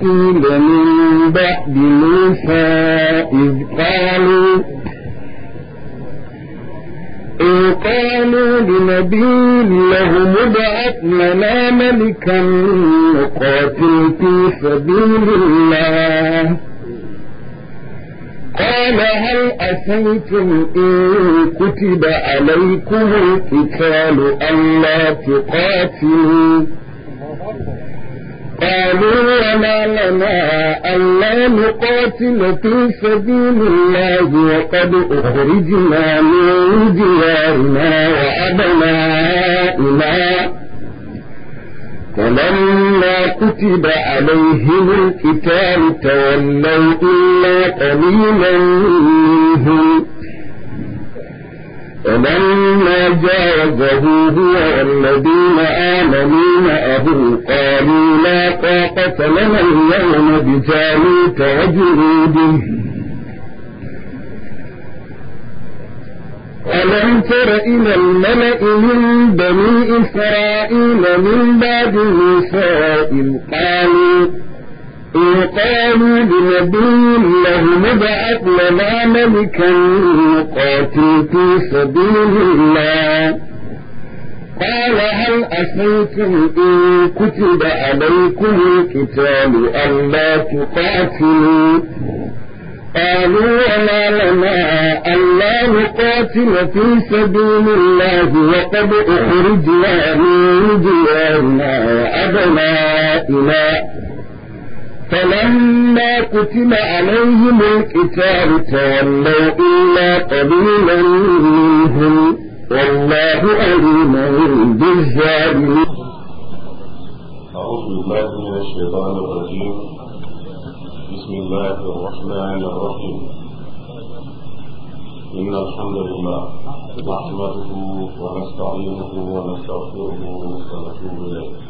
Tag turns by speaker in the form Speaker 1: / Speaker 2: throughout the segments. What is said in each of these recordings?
Speaker 1: قيل من بعد موسى إذ قالوا إن قالوا لنبي له مبعث لنا ملكا نقاتل في سبيل الله قال هل أسيتم إن كتب عليكم القتال ألا تقاتلوا قالوا وما لنا ألا نقاتل في سبيل الله وقد أخرجنا من ديارنا وأبنائنا فلما كتب عليهم القتال تولوا إلا قليلا منهم فلما جاوزه هو والذين آمنوا معه قالوا لا طاقة لنا اليوم بجانوك وجنوده ألم تر إلى الملأ من بني إسرائيل من بعد موسى إذ قالوا قالوا لنبي له ابعث لنا ملكا يقاتل في سبيل الله قال هل أسيتم إن كتب عليكم القتال ألا تقاتلوا قالوا وما لنا ألا نقاتل في سبيل الله وقد أخرجنا من ديارنا وأبنائنا فلما كتب عليهم الكتاب تولوا إلا قليلا منهم والله أليم بالظالمين
Speaker 2: أعوذ بالله من الشيطان الرجيم بسم الله الرحمن الرحيم إن الحمد لله نحمده ونستعينه ونستغفره ونتوب إليه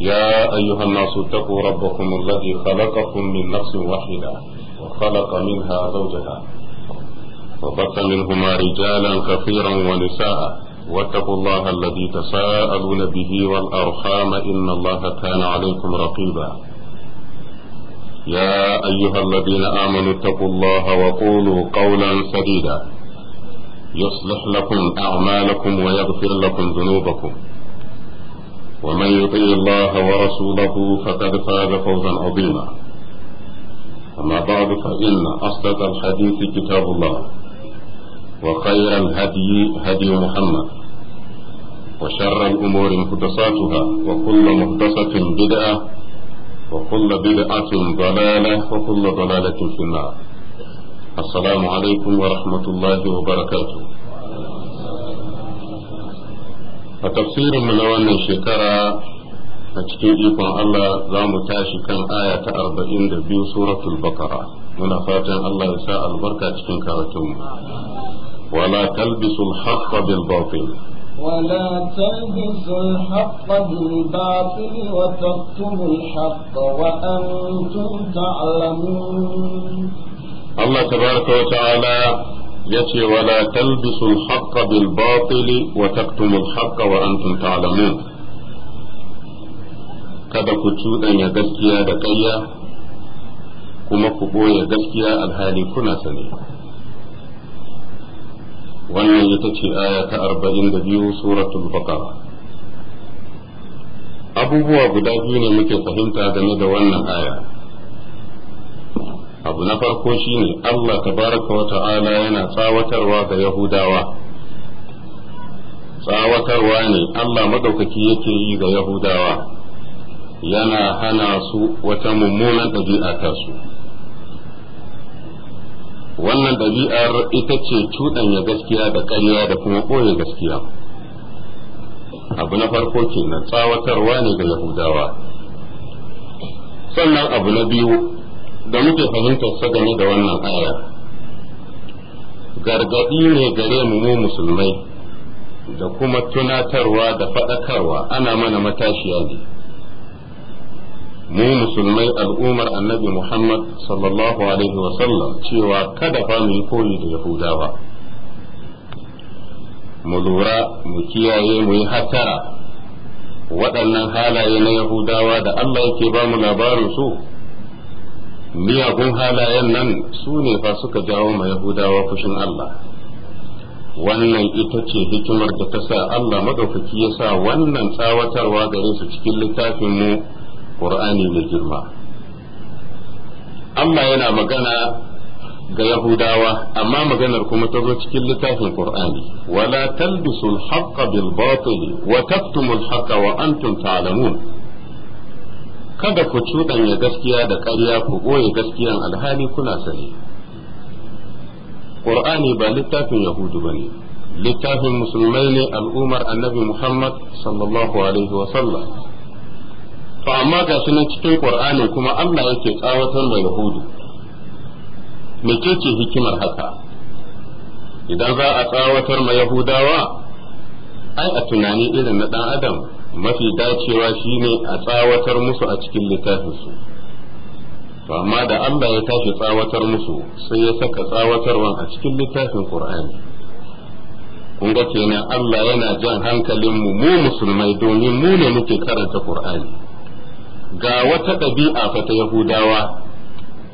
Speaker 2: يا أيها الناس اتقوا ربكم الذي خلقكم من نفس واحدة وخلق منها زوجها وبث منهما رجالا كثيرا ونساء واتقوا الله الذي تساءلون به والأرحام إن الله كان عليكم رقيبا يا أيها الذين آمنوا اتقوا الله وقولوا قولا سديدا يصلح لكم أعمالكم ويغفر لكم ذنوبكم ومن يطع الله ورسوله فقد فاز فوزا عظيما أما بعد فإن أصدق الحديث كتاب الله وخير الهدي هدي محمد وشر الأمور محدثاتها وكل محدثة بدعة وكل بدعة ضلالة وكل ضلالة في النار السلام عليكم ورحمة الله وبركاته a tafsirin mu na wannan shekara a cikin ikon Allah za mu tashi kan aya ta arba'in da biyu suratul bakara muna fatan Allah ya sa albarka cikin karatunmu wala talbisul haqqa bil batil
Speaker 3: ولا تلبسوا الحق بالباطل وتكتموا الحق وأنتم تعلمون
Speaker 1: الله تبارك وتعالى
Speaker 2: yace wala talbisu al bil batil wa taktumu al wa antum ta'lamun kada ku cuɗanya gaskiya da ƙarya kuma ku ɓoye gaskiya alhali kuna sani wannan ita ce aya ta arba'in da biyu suratul baqara abubuwa guda biyu ne muke fahimta game da wannan aya abu na farko shine Allah tabaraka wa ta'ala yana tsawatarwa ga yahudawa tsawatarwa ne Allah madaukaki yake yi ga yahudawa yana hana su wata mummunan ɗabi'a ta su wannan ɗabi'ar ita ce cuɗanya gaskiya da ƙarya da kuma ɓoye gaskiya abu na farko kenan tsawatarwa ne ga yahudawa sannan abu na biyu da muke fahimtar sa game da wannan aya gargaɗi ne gare mu mu musulmai da kuma tunatarwa da faɗakarwa ana mana matashiya ne mu musulmai al'ummar annabi muhammad sallallahu alaihi wasallam cewa kada fa mu yi koyi da yahudawa mu lura mu kiyaye mu yi hatara waɗannan halaye na yahudawa da allah yake ba mu labarin su miyagun halayen nan su ne fa suka jawo ma yahudawa fushin Allah wannan ita ce hikimar da ta sa Allah madaukaki ya sa wannan tsawatarwa gare su cikin littafin mu Qur'ani mai girma
Speaker 3: Allah yana magana
Speaker 2: ga Yahudawa amma maganar kuma ta zo cikin littafin Qur'ani wala talbisul haqqa bil batil wa taktumul haqqa wa antum ta'lamun kada ku cuɗanya gaskiya da ƙarya ku ɓoye gaskiyan alhali kuna sani ƙur'ani ba littafin yahudu ba ne littafin musulmai ne al'ummar annabi muhammad sallallahu alaihi wa sallam to amma ga shi nan cikin ƙur'ani kuma allah yake tsawatar da yahudu Me ke ce hikimar haka idan za a tsawatar ma yahudawa ai a tunani irin na ɗan adam mafi dacewa shine a tsawatar musu a cikin littafinsu to amma da Allah ya tashi tsawatar musu sai ya saka tsawatarwan a cikin littafin Qur'ani kun ga kenan Allah yana jan hankalin mu mu musulmai domin mu ne muke karanta Qur'ani ga wata ɗabi'a fa ta Yahudawa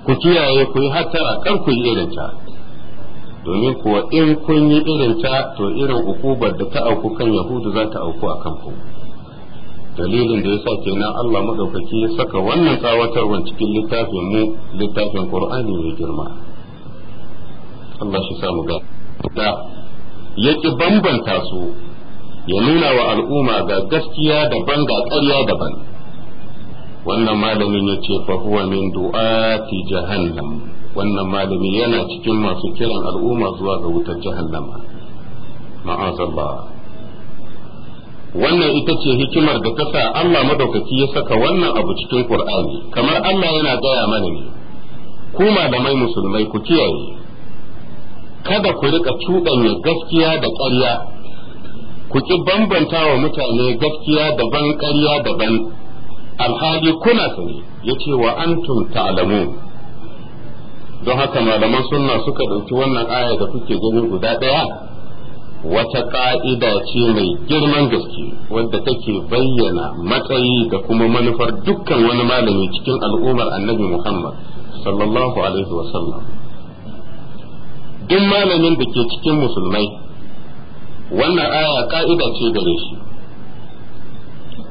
Speaker 2: ku kiyaye ku yi hattara kar ku yi irin ta domin kuwa in kun yi irin ta to irin ukubar da ta auku kan Yahudu za ta auku a kanku. dalilin da ya sa kenan Allah madaukaki ya saka wannan tsawatarwa cikin littafin mu littafin Qur'ani mai girma Allah shi samu ga da yake bambanta su ya nuna wa al'umma ga gaskiya daban ga ƙarya daban wannan malamin ya ce fa huwa min du'ati jahannam wannan malami yana cikin masu kiran al'umma zuwa ga wutar jahannama ma'azallah wannan ita ce hikimar da ta sa Allah madaukaki ya saka wannan abu cikin Qur'ani kamar Allah yana gaya mana ne ku malamai musulmai ku kiyaye kada ku rika ya gaskiya da ƙarya ku ki bambanta wa mutane gaskiya daban ƙarya daban alhali kuna sani yace wa antum ta'lamu don haka malaman sunna suka ɗauki wannan aya da kuke gani guda ɗaya wata ka'ida ce mai girman gaske wadda take bayyana matsayi da kuma manufar dukkan wani malami cikin al'ummar annabi Muhammad sallallahu Alaihi wasallam. Duk malamin da ke cikin musulmai, wannan aya ƙa'ida ce gare shi,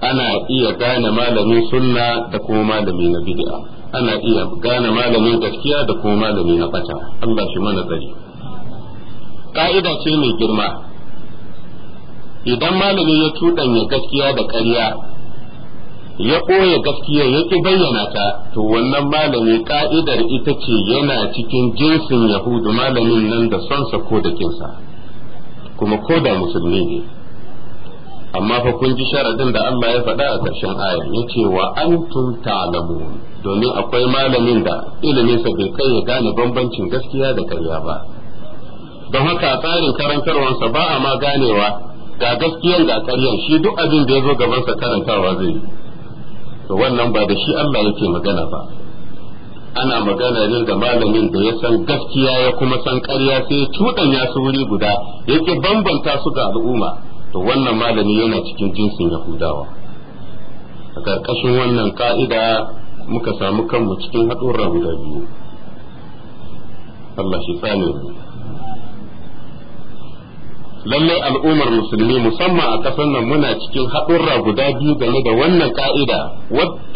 Speaker 2: ana iya gane malamin sunna da kuma malami na bid'a ana iya gane malamin gaskiya da kuma malami na bata Allah shi mana tsari. ka'ida ce mai girma idan malami ya cuɗanya gaskiya da ƙarya ya ɓoye gaskiya ya ƙi bayyana ta to wannan malami ka'idar ita ce yana cikin jinsin yahudu malamin nan da sonsa ko da kinsa kuma ko da musulmi ne amma fa kun ji sharadin da Allah ya faɗa a ƙarshen aya ce wa antum ta'lamun domin akwai malamin da iliminsa bai kai ya gane bambancin gaskiya da ƙarya ba don haka tsarin karantarwansa ba a ma ganewa ga gaskiyan ga karyan shi duk abin da ya zo gabansa karantawa zai yi to wannan ba da shi Allah yake magana ba ana magana ne da malamin da ya san gaskiya ya kuma san karya sai ya cuɗanya su wuri guda yake bambanta su ga al'umma to wannan malami yana cikin jinsin yahudawa a ƙarƙashin wannan ka'ida muka samu kanmu cikin haɗurra guda biyu Allah shi tsane lallai al'ummar musulmi musamman a ƙasar nan muna cikin haɗurra guda biyu game da wannan ka'ida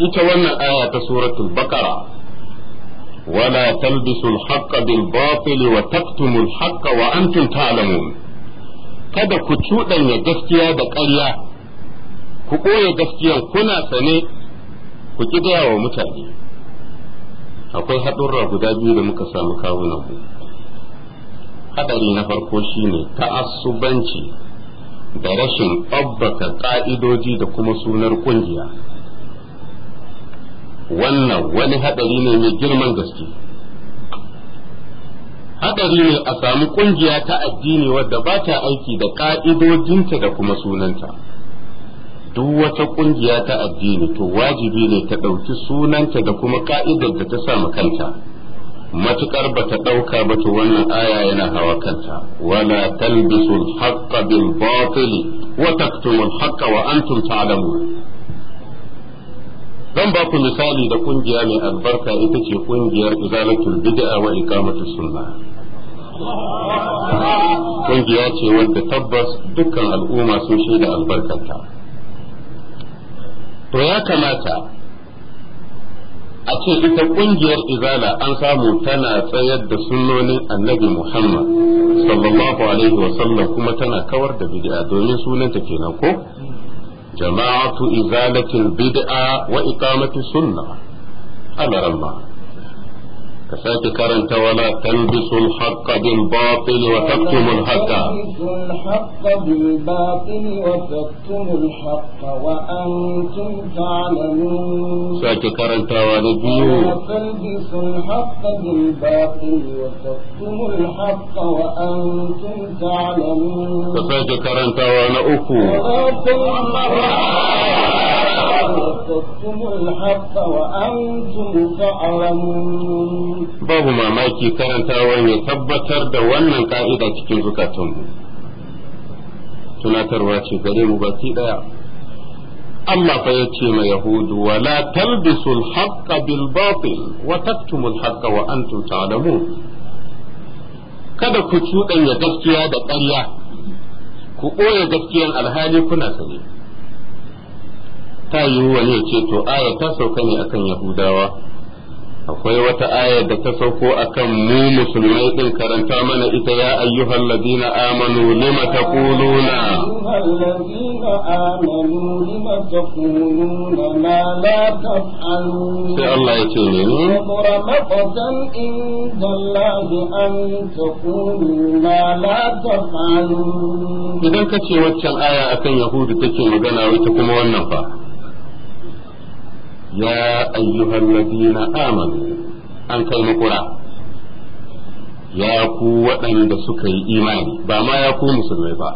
Speaker 2: ita wannan aya ta suratul baqara wala talbisu al-haqqa bil batil wa taqtumu al-haqqa wa antum ta'lamun kada ku cuɗanya gaskiya da ƙarya ku ɓoye gaskiyan kuna sane ku ki wa mutane akwai haɗurra guda biyu da muka samu kawunan ku hadari na farko shine ta'assubanci da rashin tabbata ka'idoji da kuma sunar kungiya wannan wani hadari ne mai girman gaske
Speaker 1: hadari ne a
Speaker 2: sami kungiya ta addini wadda ba ta aiki da ka'idojinta da kuma sunanta duk wata kungiya ta addini to wajibi ne ta ɗauki sunanta da kuma ka'idar da ta samu kanta matukar bata ɗauka ba to wannan aya yana hawa kanta wala talbisu al-haqqa bil batil wa taktumu al-haqqa wa antum ta'lamun zan ba ku misali da kungiya mai albarka ita ce kungiyar izalatul bid'a wa iqamatus sunna
Speaker 3: kungiya ce
Speaker 2: wadda tabbas dukkan al'umma sun shaida albarkarta to ya kamata a ce ita kungiyar izala an samu tana tsayar da sunonin annabi Muhammad
Speaker 1: sallallahu alaihi wasallam
Speaker 2: kuma tana kawar da bid'a domin sunanta kenan ko jama'atu izalatil bid'a wa iqamati sunna Allah ka karanta wala talbisul haqqa bil
Speaker 3: biyu talbisul haqqa ka na uku تكتموا الحق وأنتم تعلمون باب ما مايكي
Speaker 2: كان تاوين يتبتر دوانا قائدة تكين زكاتهم tunatarwa ce gare mu baki daya Allah fa ya ce ma Yahudu wa la wa kada ku cuɗanya gaskiya da ƙarya ku ɓoye gaskiyan alhali kuna sani ta yiwu wani ya ce to aya ta sauka ne akan yahudawa akwai wata aya da ta sauko akan mu musulmai din karanta mana ita ya ayyuhal ladina amanu lima taquluna
Speaker 3: sai Allah ya ce ne idan ka ce waccan aya
Speaker 2: akan yahudu take magana wata kuma wannan fa يا أيها الذين آمنوا أن كلمة ya ku waɗanda suka yi imani ba ma ya ku musulmai ba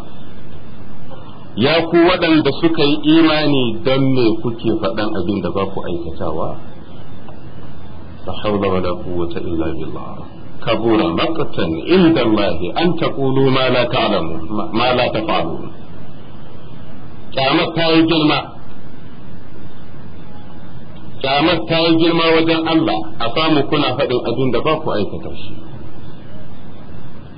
Speaker 2: ya ku waɗanda suka yi imani don me kuke faɗan abin da ba ku aikatawa la hawla wala quwwata illa billah kabura maqtan inda Allah an taqulu ma la ta'lamu ma la taf'alun kyamar ta yi girma kyamar ta yi girma wajen Allah a samu kuna faɗin abin da ba ku aikata shi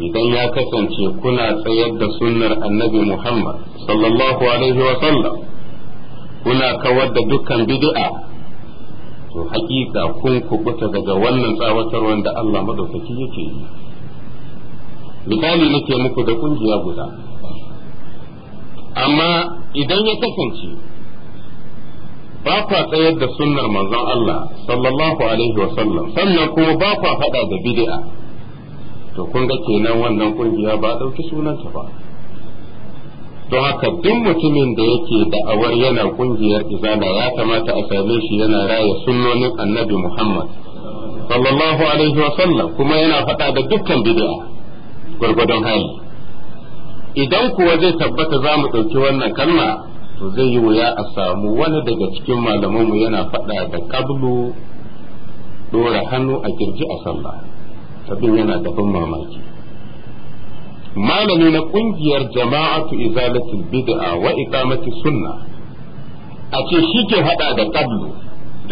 Speaker 2: idan ya kasance kuna tsayar da sunnar annabi Muhammad sallallahu alaihi wa sallam kuna kawar da dukkan bid'a to hakika kun kubuta daga wannan tsawatarwar da Allah madaukaki yake yi misali nake muku da kungiya guda amma idan ya kasance ba kwa tsayar da sunnar manzon Allah sallallahu alaihi wa sallam sannan kuma ba kwa faɗa da bid'a to kun ga kenan wannan kungiya ba ɗauki ta ba don haka duk mutumin da yake da'awar yana kungiyar izala ya kamata a same shi yana raya sunnonin annabi Muhammad sallallahu alaihi wa sallam kuma yana faɗa da dukkan bid'a gwargwadon hali idan kuwa zai tabbata za mu ɗauki wannan kalma to zai yi wuya a samu wani daga cikin malamanmu yana faɗa da kablu dora hannu a kirji a sallah abin yana da ban mamaki malami na kungiyar jama'atu izalatul bid'a wa iqamati sunna a ce shi ke hada da kablu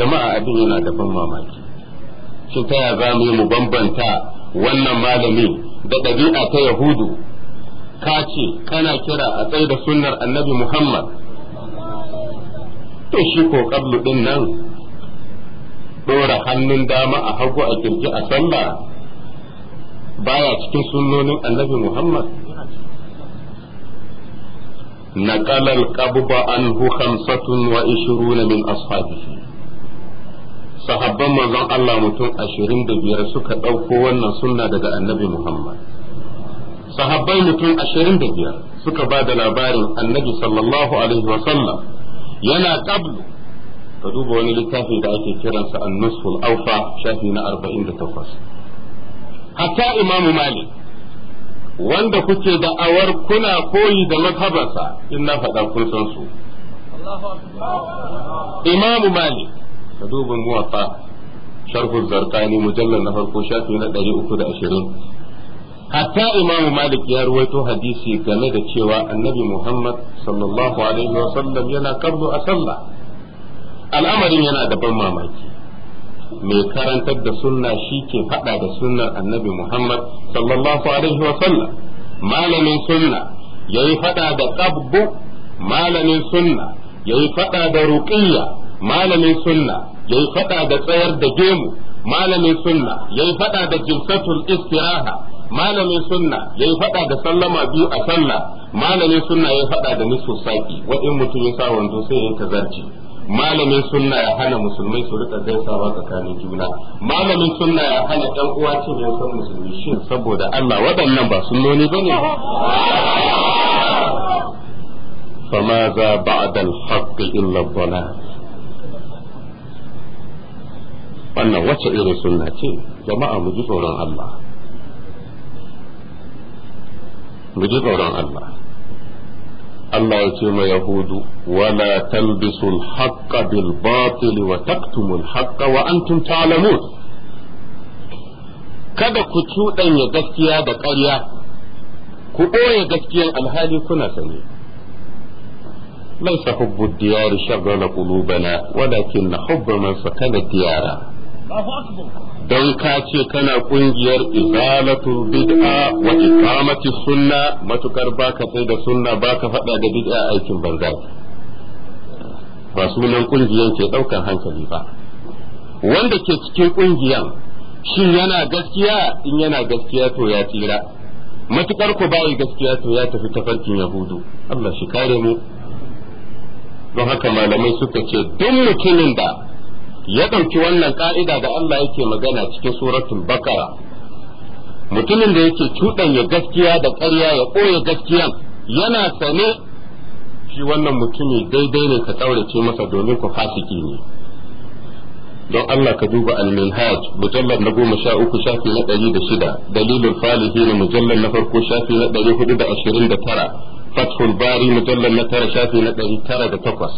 Speaker 2: jama'a abin yana da ban mamaki shin ta ya za mu mu bambanta wannan malami da ɗabi'a ta yahudu ka ce kana kira a tsaye da sunnar annabi muhammad to shi ko kablu nan dora hannun dama a hagu a kirji a sallah baya cikin sunnonin annabi Muhammad نقل القبض عنه خمسة وعشرون من أصحابه sahabban manzon Allah mutum ashirin da biyar suka ɗauko wannan sunna daga annabi Muhammad. Sahabbai mutum ashirin da biyar suka ba da labarin annabi sallallahu alaihi yana qablu ka duba wani littafi da ake kiransa an-nusful awfa shafi na 48 hatta imamu malik wanda kuke da awar kuna koyi da mazhabarsa in na faɗa kun san su imamu malik ka duba muwatta sharhu zarqani mujallal na farko shafi na 320 hatta imamu malik ya ruwaito hadisi game da cewa annabi muhammad sallallahu alaihi wa sallam yana kallo a sallah
Speaker 1: al'amarin yana
Speaker 2: da ban mamaki mai karantar da sunna shi ke faɗa da sunnar annabi muhammad sallallahu alaihi wa sallam malamin sunna yayi faɗa da qabbu malamin sunna yayi faɗa da ruqiyya malamin sunna yayi faɗa da tsayar da gemu malamin sunna yayi faɗa da jilsatul istiraha malamin sunna ya yi faɗa da sallama biyu a sallah malamin sunna ya yi faɗa da nisu saƙi waɗin mutumin mutum ya sa wanzu sai ya yi tazarci malamin sunna ya hana musulmai su rika gaisawa tsakanin juna malamin sunna ya hana ɗan uwa cin san musulmi shin saboda Allah waɗannan ba sunnoni bane ba بعد wannan wacce irin sunna ce jama'a mu ji tsoron Allah mu ji tsoron Allah Allah ya ce ma yahudu wala talbisu al-haqqa bil batil wa taktumu al-haqqa wa antum ta'lamun kada ku cuɗanya gaskiya da ƙarya ku ɓoye gaskiyan alhali kuna sani ليس حب الديار شغل قلوبنا ولكن حب من سكن الديار
Speaker 3: الله أكبر
Speaker 2: don ka ce kana kungiyar izalatul bid'a wa iqamati sunna matukar baka sai da sunna baka faɗa da bid'a aikin banza ba sunan kungiyan ke ɗaukan hankali ba wanda ke cikin kungiyan
Speaker 3: shi yana
Speaker 2: gaskiya in yana gaskiya to ya tsira matukar ku bayi gaskiya to ya tafi ta farkin yahudu Allah shi kare mu don haka malamai suka ce duk mutumin da ya ɗauki wannan ka'ida da Allah yake magana cikin suratun bakara mutumin da yake cuɗanya gaskiya da ƙarya ya ɓoye gaskiyan yana sane shi wannan mutumi daidai ne ka ɗaurace masa domin ku fasiki ne don Allah ka duba al-minhaj mujallar na goma sha uku shafi na ɗari da shida dalilin falihi na mujallar na farko shafi na ɗari hudu da ashirin da tara fathul bari mujallar na tara shafi na ɗari tara da takwas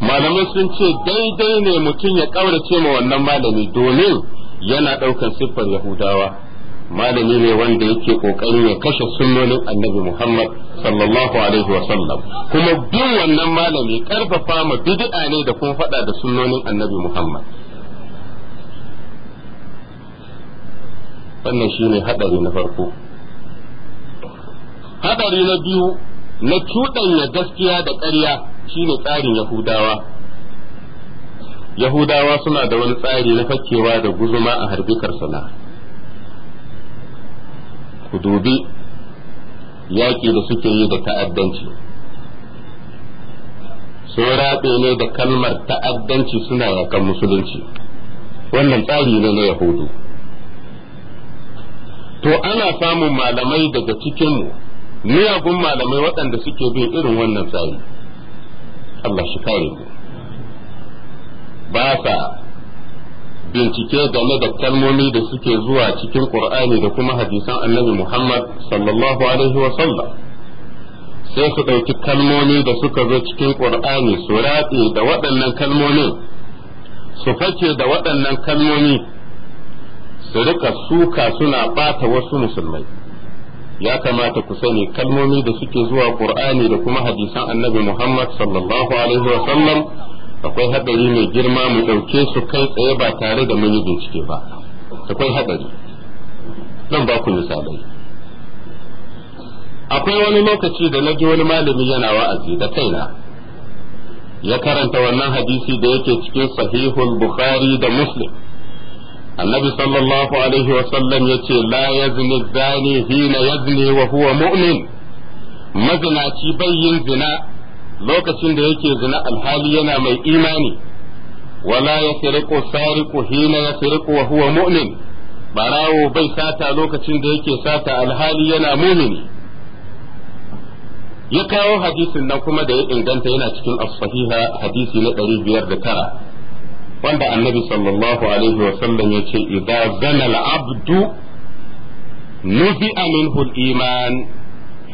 Speaker 2: malamai sun ce daidai ne mutum ya ƙaurace ma wannan malami domin yana ɗaukar siffar yahudawa malami ne wanda yake ƙoƙarin ya kashe sunnonin annabi muhammad sallallahu alaihi wa sallam kuma bin wannan malami ƙarfafa ma bid'a ne da kuma faɗa da sunnonin annabi muhammad wannan shine haɗari na farko haɗari na biyu na cuɗanya gaskiya da ƙarya shine tsarin yahudawa yahudawa suna da wani tsari na fakewa da guzuma a harbi karsana ku dubi yaƙi da suke yi da ta'addanci sun raɓe ne da kalmar ta'addanci suna yakan musulunci wannan tsari ne na yahudu to ana samun malamai daga cikinmu miyagun malamai waɗanda suke bin irin wannan tsari Allah shi kare mu ba sa bincike game da kalmomi da suke zuwa cikin Qur'ani da kuma hadisan Annabi Muhammad sallallahu alaihi wa sallam sai su ɗauki kalmomi da suka zo cikin Qur'ani su da waɗannan kalmomi su fake da waɗannan kalmomi su rika suka suna ɓata wasu musulmai ya kamata ku sani kalmomi da suke zuwa qur'ani da kuma hadisan annabi muhammad sallallahu alaihi wa sallam akwai hadari mai girma mu dauke su kai tsaye ba tare da mun yi bincike ba akwai hadari zan ba ku misalai akwai wani lokaci da na wani malami yana wa'azi da kaina ya karanta wannan hadisi da yake cikin sahihul bukhari da muslim annabi sallallahu alaihi wasallam ya ce la yazni zani hina yazni wa huwa mu'min mazinaci bai yin zina lokacin da yake zina alhali yana mai imani wala yasriqu sariqu hina yasriqu wa huwa mu'min barawo bai sata lokacin da yake sata alhali yana mumini ya kawo hadisin nan kuma da ya inganta yana cikin as hadisi na biyar da tara. wanda annabi sallallahu alaihi wa sallam yace idza zana al-abdu nufi minhu al-iman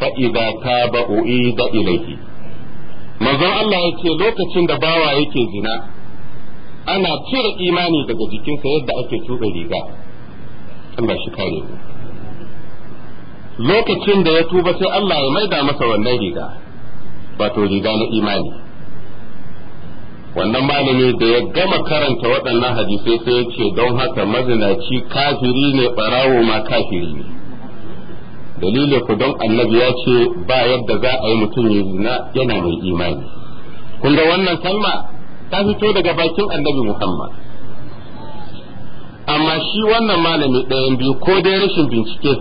Speaker 2: fa idza taba uida ilayhi manzon Allah ce lokacin da bawa yake zina ana cire imani daga jikinsa yadda ake tuka riga Allah shi kare lokacin da ya tuba sai Allah ya maida masa wannan riga wato riga na imani wannan malami da ya gama karanta waɗannan hadisai sai ya ce don haka mazinaci kafiri ne ɓarawo ma kafiri ne dalilin ku don annabi ya ce ba yadda za a yi mutum ya zina yana mai imani kun ga wannan kalma ta fito daga bakin annabi muhammad amma shi wannan malami ɗayan biyu ko dai rashin bincike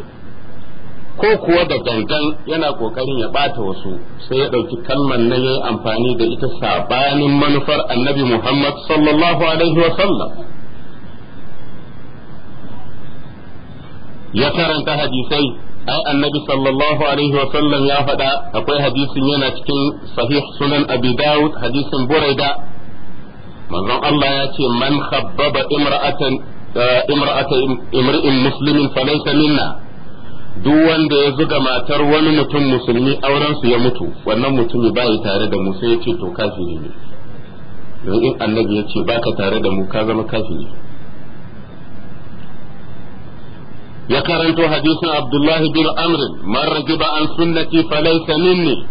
Speaker 2: ko kuwa da gangan yana kokarin ya bata wasu sai ya ɗauki kalmar nan yayi amfani da ita sabanin manufar annabi Muhammad sallallahu alaihi wa sallam ya karanta hadisai ai annabi sallallahu alaihi wa sallam ya faɗa akwai hadisin yana cikin sahih sunan abi hadisin buraida manzon Allah ya ce man khabbaba imra'atan eh, imra'atan imri'in muslimin falaysa minna duk wanda ya zuga matar wani mutum musulmi auren su ya mutu wannan mutumi ba ya tare da mu sai ya ce to kafiri ne don in annabi ya ce baka tare da mu ka zama kafiri ya karanto hadisin abdullahi bin amr man rajiba an sunnati falaysa minni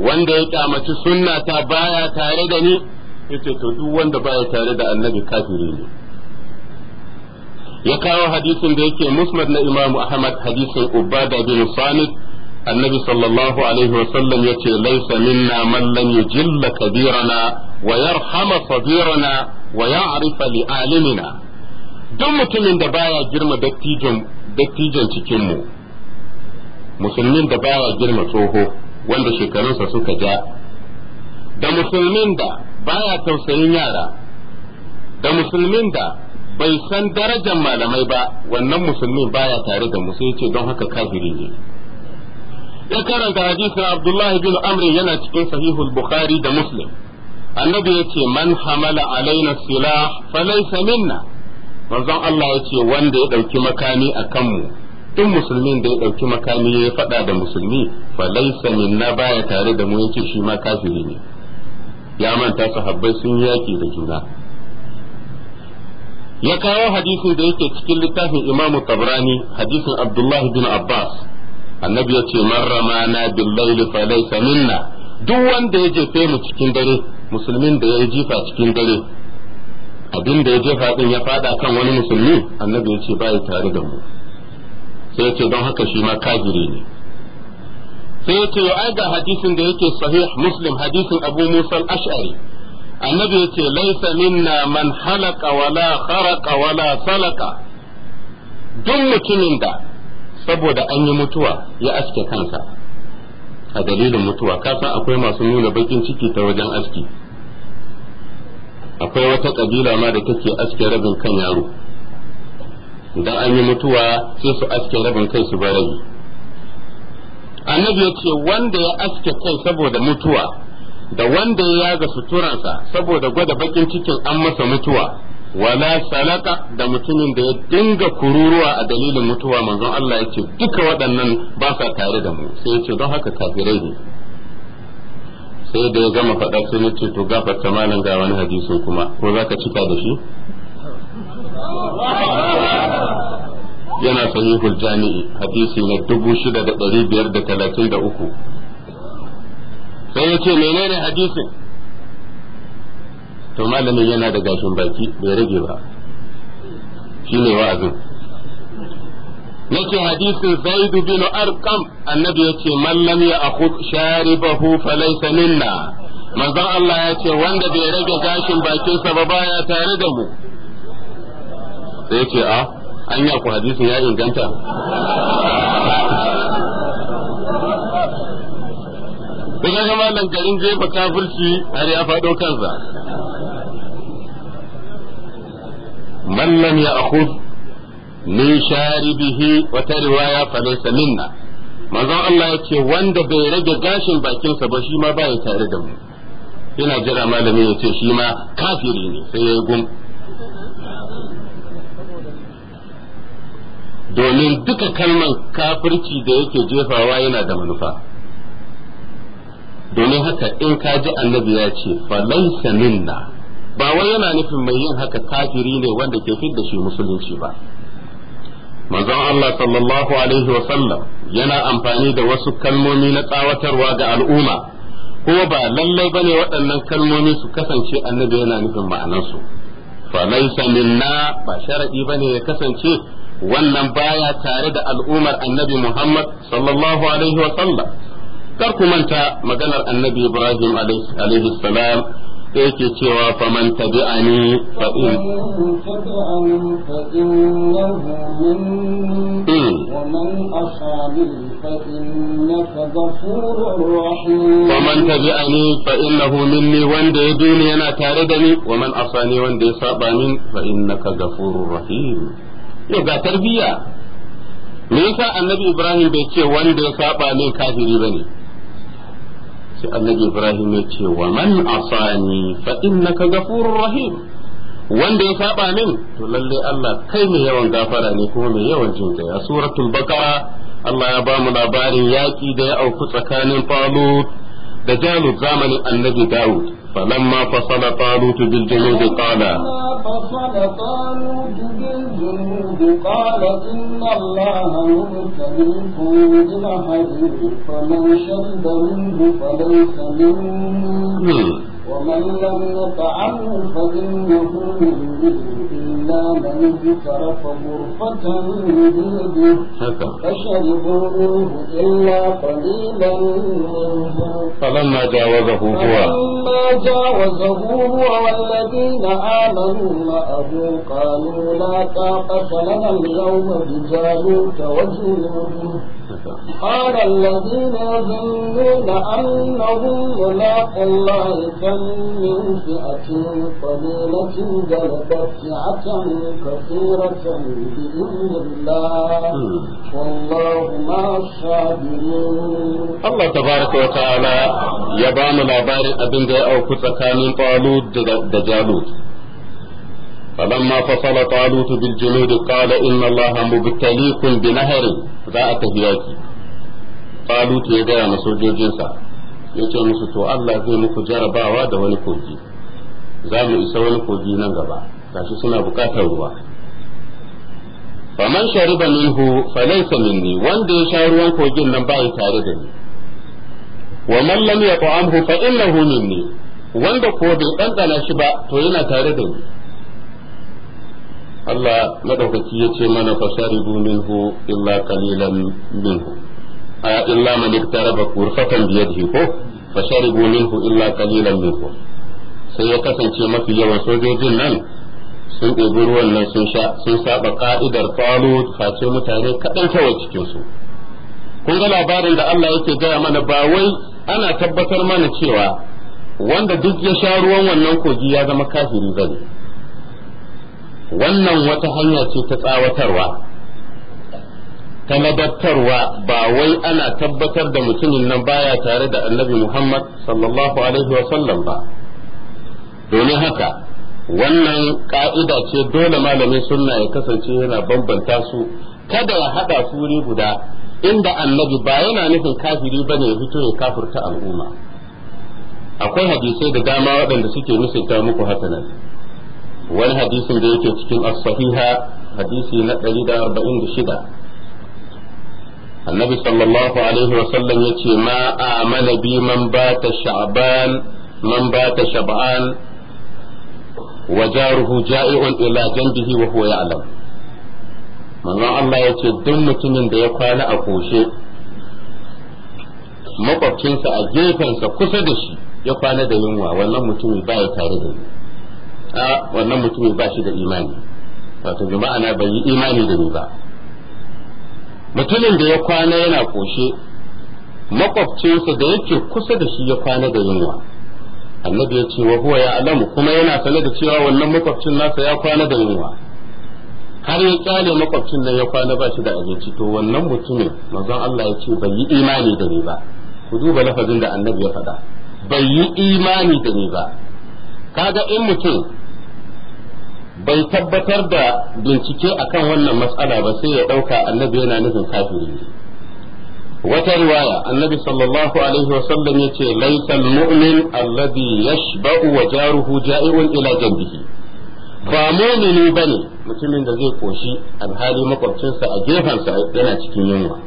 Speaker 2: wanda ya kyamaci sunnata baya tare da ni yace to duk wanda baya tare da annabi kafiri ne ya kawo hadisin da yake musnad na imamu ahmad hadisin ubada bin samit annabi sallallahu alaihi wasallam yace laysa minna man lam yujilla kabirana wa yarhama sabirana wa ya'rifa li alimina duk mutumin da baya girma dattijan dattijon cikin mu musulmin da baya girma tsoho wanda shekarunsa suka ja da musulmin da baya tausayin yara da musulmin da bai san darajar malamai ba wannan musulmin baya tare da sai ce don haka kafiri ne ya karanta hadisin Abdullahi bin Amr yana cikin sahihul Bukhari da Muslim annabi yace man hamala alaina silah falaysa minna manzon Allah yace wanda ya dauki makami a mu duk musulmin da ya dauki makami ya faɗa da musulmi falaysa minna baya tare da mu yace shi ma kafiri ne ya manta sahabbai sun yaki da juna ya kawo hadisin da yake cikin littafin imamu tabrani hadisin abdullahi bin abbas annabi ya ce marramana billaili fa laysa minna duk wanda ya jefe mu cikin dare musulmin da ya jifa cikin dare abin da ya jefa din ya fada kan wani musulmi annabi ya ce bai tare da mu sai ya ce don haka shi ma kafiri ne sai ya ce ai ga hadisin da yake sahih muslim hadisin abu musal ashari annabi ya ce laisa minna man halaka wala kharaka wala salaka duk mutumin da saboda an yi mutuwa ya aske kansa a dalilin mutuwa kasa akwai masu nuna bakin ciki ta wajen aski akwai wata kabila ma da take aske rabin kan yaro idan an yi mutuwa sai su aske rabin kai su bar rabi annabi ya ce wanda ya aske kai saboda mutuwa da wanda ya yaga suturansa saboda gwada bakin cikin an masa mutuwa wala salaka da mutumin da ya dinga kururuwa a dalilin mutuwa manzon Allah ya ce duka waɗannan ba sa tare da mu sai yace don haka kafirai ne sai da ya gama faɗa sai yace to gafarta malam ga wani hadisin kuma ko za cika da shi yana sahihul jami'i hadisi na 6533 sai ya ce menene hadisin to malamin yana da gashin baki bai rage ba shi ne wa'azin
Speaker 1: yake hadisin zaidu bin
Speaker 2: arqam annabi ya ce man lam ya'khud sharibahu falaysa minna manzon Allah ya ce wanda bai rage gashin bakin sa ba baya tare da mu sai ya ce a ah, anya ku hadisin ya inganta to ga nan garin jefa kafirci har ya faɗo kansa man lam ya'khudh min sharibihi wata riwaya fa laysa minna manzo Allah yace wanda bai rage gashin bakinsa ba shi ma ya tare da mu Ina jira malami ya ce shi ma kafiri ne sai ya yi gum domin duka kalman kafirci da yake jefawa yana da manufa domin haka in ka ji annabi ya ce fa laysa minna ba wai yana nufin mai yin haka kafiri ne wanda ke fidda shi musulunci ba manzon Allah sallallahu alaihi wa sallam yana amfani da wasu kalmomi na tsawatarwa ga al'umma ko ba lallai bane waɗannan kalmomi su kasance annabi yana nufin ma'anansu. fa laysa minna ba sharadi bane ya kasance wannan baya tare da al'ummar annabi Muhammad sallallahu alaihi wa sallam kar ku manta maganar annabi ibrahim alaihi salam da cewa fa man tabi'ani fa in
Speaker 3: wa hmm. man tabi'ani fa innahu minni wanda ya duni
Speaker 2: yana tare da ni wa man asani wanda ya saba min fa innaka ghafurur rahim ya ga tarbiya me yasa annabi ibrahim bai ce wanda ya saba min kafiri bane sai annabi ibrahim ya ce wa man asani fa innaka ghafurur rahim wanda ya saba min to lalle Allah kai mai yawan gafara ne kuma mai yawan jin kai a suratul baqara Allah ya bamu labarin yaki da ya auku tsakanin Falut da Jalut zamanin Annabi Dawud فلما فصل طالوت بالجنود قال فصل
Speaker 3: طالوت بالجنود قال إن الله مبتليكم بنهر فمن شرب منه فليس مني ومن لم يطعمه فإنه مني إلا من ذكر فغرفة يريده فشربوه إلا قليلا منهم فلما جاوزه هو فلما جاوزه هو والذين آمنوا معه قالوا لا طاقة لنا اليوم بجالوت وجنوده قال الذين يظنون أنهم ملاق الله كم من فئة قليلة غلبت فئة كثيرة بإذن الله والله مع الصابرين الله تبارك وتعالى يبان labarin abin
Speaker 2: da ya auku tsakanin falu da jalut falamma fasala falu bil junud qala inna allaha mubtaliikum za a tafi yaki falutu ya gaya ma sojojinsa ya ce musu to Allah zai muku jarabawa da wani kogi za mu isa wani kogi nan gaba shi suna bukatar ruwa faman shariba minhu falaysa minni wanda ya sha ruwan kogin nan ba ya tare da ni wa man lam yat'amhu fa innahu minni wanda ko bai dandana shi ba to yana tare da ni Allah madaukaki ya ce mana fasaribu minhu illa qalilan minhu a illa man iktaraba biyar bi yadihi ko fasaribu minhu illa qalilan minhu sai ya kasance mafi yawan sojojin nan sun ɗebi ruwan nan sun sha sun saba ka'idar falo face mutane kaɗan kawai cikin su kun ga labarin da Allah yake gaya mana ba wai ana tabbatar mana cewa wanda duk ya sha ruwan wannan kogi ya zama kafiri bane wannan wata hanya ce ta tsawatarwa ta nadattarwa ba wai ana tabbatar da mutumin nan baya tare da annabi Muhammad sallallahu alaihi wa sallam ba domin haka wannan ka'ida ce dole malamin sunna ya kasance yana bambanta su kada ya hada su wuri guda inda annabi ba yana nufin kafiri ne ya fito ya kafirta al'umma akwai hadisai da dama waɗanda suke misalta muku haka nan wani hadisin da yake cikin as-sahiha hadisi na 146 annabi sallallahu alaihi wasallam yace ma amana bi man bata sha'ban man bata shab'an wa jaruhu ja'i'un ila janbihi wa huwa ya'lam manzon Allah yace duk mutumin da ya kwana a koshe makwabcinsa a gefensa kusa da shi ya kwana da yunwa wannan mutumin baya tare da ni wannan mutumin ba shi da imani wato bi ma'ana bai yi imani da ni ba mutumin da ya kwana yana koshe makwabcinsa da yake kusa da shi ya kwana da yunwa annabi ya ce wa huwa ya alamu kuma yana sane da cewa wannan makwabcin nasa ya kwana da yunwa har ya kyale makwabcin nan ya kwana ba shi da abinci to wannan mutumin manzon Allah ya ce bai yi imani da ni ba ku duba lafazin da annabi ya faɗa bai yi imani da ni ba kaga in mutum bai tabbatar da bincike akan wannan matsala ba sai ya ɗauka annabi yana nufin kafiri wata riwaya annabi sallallahu alaihi wa sallam yace laysa mu'min alladhi yashba'u wa jaruhu ja'i'un ila jambihi ba mu'mini bane mutumin da zai koshi alhali makwabcinsa a sa yana cikin yunwa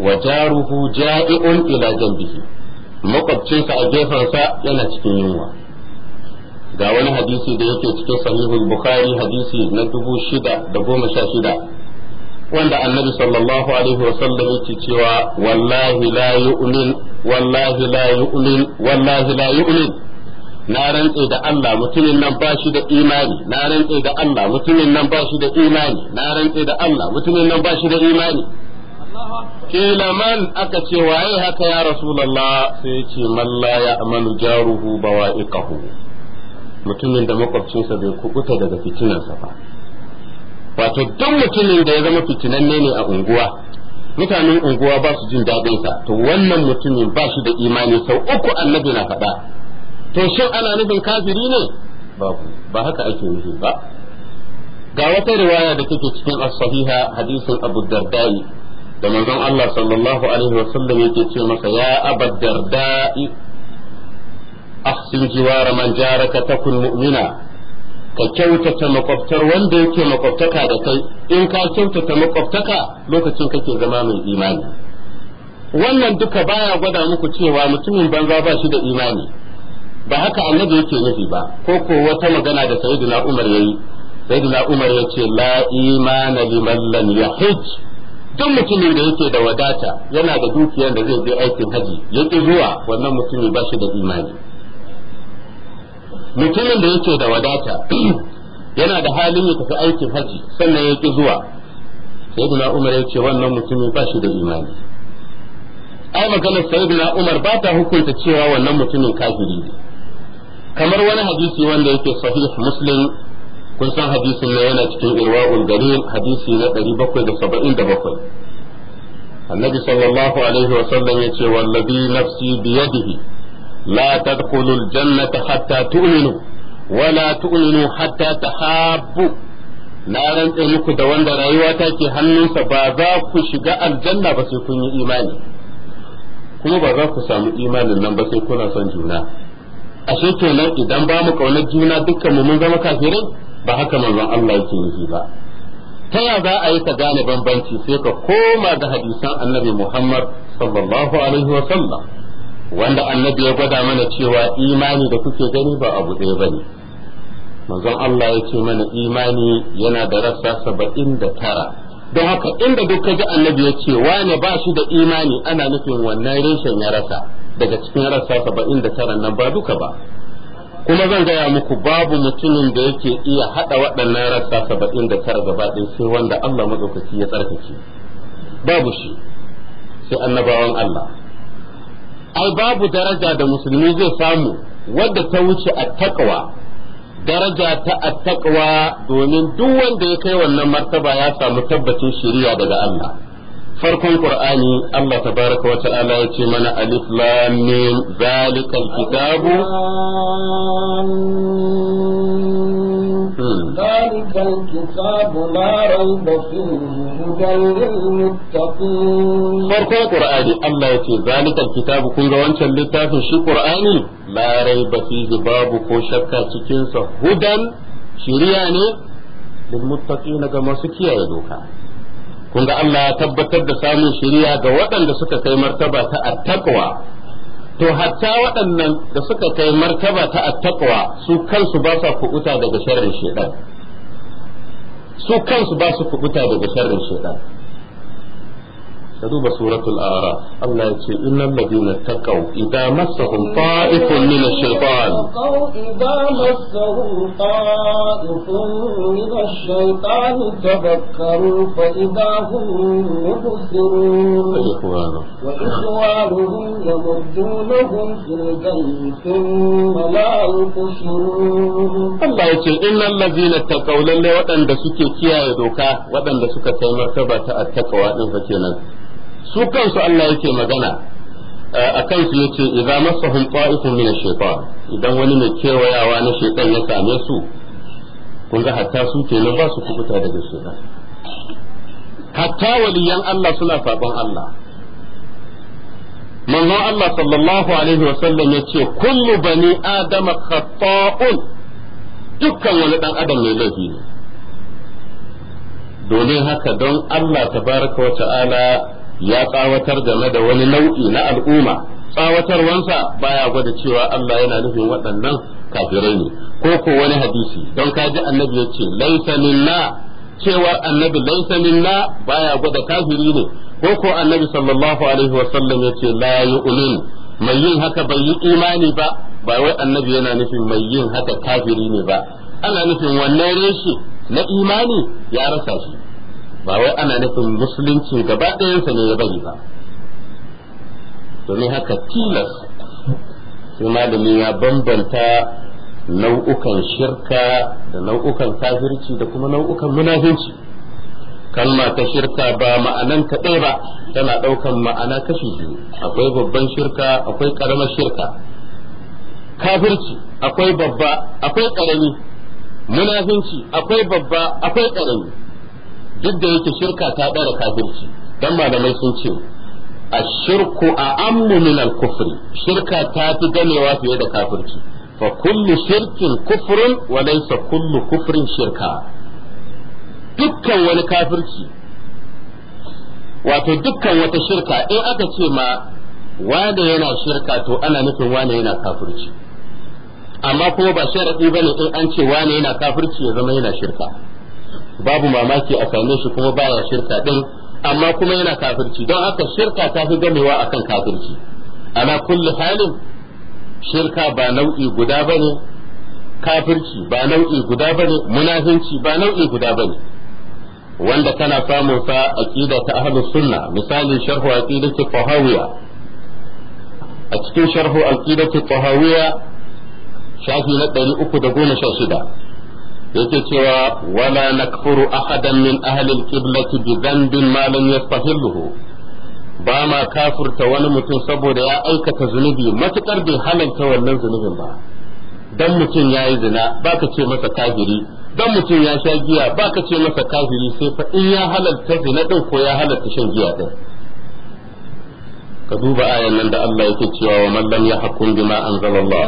Speaker 2: wa jaruhu ja'i'un ila jambihi makwabcinsa a sa yana cikin yunwa ga wani hadisi da yake cikin sahihul bukhari hadisi na dubu shida da goma sha shida wanda annabi sallallahu alaihi wasallam yake cewa wallahi la yu'min wallahi la yu'min wallahi la yu'min na rantse da Allah mutumin nan ba shi da imani na rantse da Allah mutumin nan ba shi da imani na da Allah mutumin nan ba shi da imani kila man aka ce waye haka ya rasulullah sai ce man la ya'manu jaruhu bawa'iqahu mutumin da makwabcinsa bai kubuta daga fitinansa ba wato duk mutumin da ya zama fitinanne ne a unguwa mutanen unguwa ba su jin daɗin sa to wannan mutumin ba shi da imani sau uku annabi na faɗa to shin ana nufin kafiri ne babu ba haka ake nufi ba ga wata riwaya da take cikin as-sahiha hadisin Abu Dardai da manzon Allah sallallahu alaihi wasallam yake ce masa ya Abu Dardai ahsin jiwara man jaraka takun mu'mina ka kyautata makwabtar yake makwabtaka da kai in ka kyautata makwabtaka lokacin kake zama mai imani wannan duka baya gwada muku cewa mutumin banza ba shi da imani ba haka annabi yake nufi ba ko ko wata magana da sayyidina Umar yayi sayyidina Umar yace la imana liman lam yahij duk mutumin da yake da wadata yana da dukiyar da zai je aikin haji yake zuwa wannan mutumi ba shi da imani mutumin da yake da wadata yana da halin ya tafi aikin haji sannan ya ki zuwa sayyidina umar ya ce wannan mutumin ba shi da imani ai maganar sayyidina umar ba ta hukunta cewa wannan mutumin kafiri ne kamar wani hadisi wanda yake sahih muslim kun san hadisin ne yana cikin irwa'ul galil hadisi na 777 annabi sallallahu alaihi wa ya ce wallabi nafsi biyadihi لا تدخلوا الجنة حتى تؤمنوا ولا تؤمنوا حتى تحابوا na rantse muku da wanda rayuwa ta ke hannunsa ba za ku shiga aljanna ba sai kun yi imani kuma ba za ku samu imanin nan ba sai kuna son juna ashe kenan idan ba mu kaunar juna dukkan mu mun zama kafirai ba haka manzon Allah yake nufi ba ta ya za a yi ta gane bambanci sai ka koma ga hadisan annabi Muhammad sallallahu alaihi wa sallam wanda annabi ya gwada mana cewa imani da kuke gani ba abu ɗaya ne manzon Allah ya ce mana imani yana da rassa saba'in da tara don haka inda duk ji annabi ya ce wane ba shi da imani ana nufin wannan reshen ya rasa daga cikin rassa saba'in da tara nan ba duka ba kuma zan gaya muku babu mutumin da yake iya haɗa waɗannan rassa saba'in da tara gaba sai wanda Allah maɗaukaki ya tsarkake babu shi sai annabawan Allah ai babu daraja da musulmi zai samu wanda ta wuce a attaqwa daraja ta attaqwa domin duk wanda ya kai wannan martaba ya samu tabbacin shiriya daga Allah farkon qur'ani Allah tabaraka wa ta'ala ya ce mana alif lam mim zalikal kitabu
Speaker 3: ذلك الكتاب لا ريب فيه هدى للمتقين فرق القرآن
Speaker 2: الله يتي ذلك الكتاب كل وانت اللتاف شي قرآن لا ريب فيه باب كو شكا تكنسا هدى شرياني للمتقين كما سكيا يدوكا kun ga Allah ya tabbatar da samun shiriya ga waɗanda suka kai martaba ta attaqwa to hatta waɗannan da suka kai martaba ta attaqwa su kansu ba su kubuta daga sharrin shaitan su kansu ba su kubuta daga sharrin shaitan ka duba suratul a'raf Allah ya ce innal ladina taqaw idza massahum ta'ifun min
Speaker 3: ash-shaytan idza massahum ta'ifun min ash-shaytan tadhakkaru fa idza hum mubsirun wa ikhwanuhum yamuddunahum fil thumma la yuqsirun Allah ya ce
Speaker 2: innal ladina taqaw lalle waɗanda suke kiyaye doka waɗanda suka kai martaba ta attaqwa din fa kenan su kansu Allah yake magana eh, a kansu ya yace idza masa qa'ifun min ash-shaytan idan wani mai kewayawa na shaytan ya same su kun ga hatta su nan ba su kubuta daga shaytan hatta waliyan Allah suna sabon Allah manzo Allah sallallahu alaihi wa sallam ya ce kullu bani adama khata'un dukkan wani dan adam mai laifi ne domin haka don Allah tabaraka wa ta'ala ya tsawatar game da wani nau'i na al'umma tsawatar tsawatarwansa baya gwada cewa Allah yana nufin waɗannan kafirai ne ko ko wani hadisi don ka ji annabi ya ce laisa minna cewar annabi laisa minna baya gwada kafiri ne ko ko annabi sallallahu alaihi wa sallam ya ce la yu'min mai yin haka bai yi imani ba ba wai annabi yana nufin mai yin haka kafiri ne ba ana nufin wannan reshe na imani ya rasa shi ba wai ana nufin musulunci gaba ɗayansa ne ya bari ba domin haka tilas sai malami ya bambanta nau'ukan shirka da nau'ukan kafirci da kuma nau'ukan munafinci kalma ta shirka ba ma'anan kaɗai ba tana ɗaukan ma'ana kashi biyu akwai babban shirka akwai ƙaramar shirka kafirci akwai babba akwai ƙarami munafinci akwai babba akwai ƙarami duk da yake shirka ta ɗara kafirci dan malamai sun ce ashirku a ammu min al-kufri shirka ta fi ganewa fiye da kafirci fa kullu shirkin kufrun wa laysa kullu kufrin shirka dukkan wani kafirci wato dukkan wata shirka in aka ce ma wane yana shirka to ana nufin wane yana kafirci amma kuma ba sharadi bane in an ce wane yana kafirci ya zama yana shirka babu mamaki a same shi kuma baya shirka din amma kuma yana kafirci don haka shirka ta fi gamewa akan kafirci ana kulli halin shirka ba nau'i guda ba ne, kafirci ba nau'i guda ba ne, munafinci ba nau'i guda ba ne. wanda kana samun sa aqida ta ahlus sunna misali sharhu a aqidati tahawiyya a cikin sharhu a aqidati tahawiyya shafi na ɗari uku da shida. yake cewa wala nakfuru ahadan min ahli alqiblati bi dhanbin ma lam yastahilluhu ba ma kafurta wani mutum saboda ya aikata zunubi matukar bai halanta wannan zunubin ba dan mutum yayi zina ba ka ce masa kafiri dan mutum ya sha giya ba ka ce masa kafiri sai fa in ya halalta zina din ko ya halalta shan giya din ka duba ayan nan da Allah yake cewa wa man lam yahkum bima anzala Allah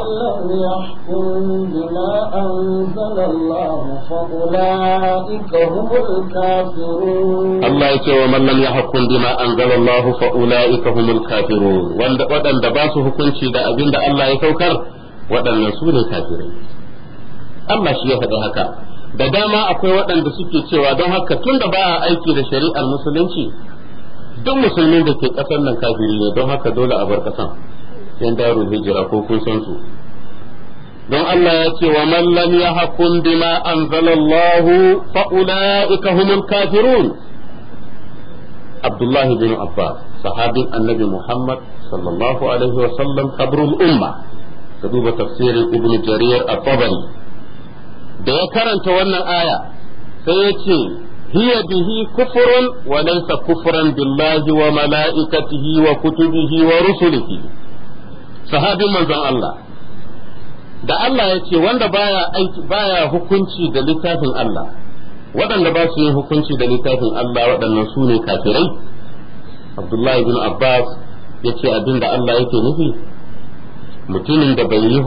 Speaker 3: Allah yake wa man lam yahkum bima anzala Allah
Speaker 2: fa ulaika humul kafirun wanda wadanda ba su hukunci da abinda Allah ya saukar wadannan su ne kafirai Allah shi ya faɗi haka da dama akwai waɗanda suke cewa don haka tunda ba a aiki da shari'ar musulunci duk musulmin da ke kasar nan kafiri ne don haka dole a bar kasan yan darul hijira ko kun san su don Allah ya ce wa man lam yahkum bima anzalallahu fa ulaika humul kafirun Abdullah bin Abbas sahabin Annabi Muhammad sallallahu alaihi wa sallam qabrul umma ka duba tafsirin Ibn Jarir at-Tabari da ya karanta wannan aya sai ya ce hiya bihi kufrun wa laysa kufran billahi wa malaikatihi wa kutubihi wa rusulihi sahabin Allah da Allah ya ce wanda baya aiki baya hukunci da littafin Allah waɗanda ba su yin hukunci da littafin Allah waɗannan su ne kafirai Abdullahi bin Abbas ya ce abin da Allah yake nufi mutumin da bai yi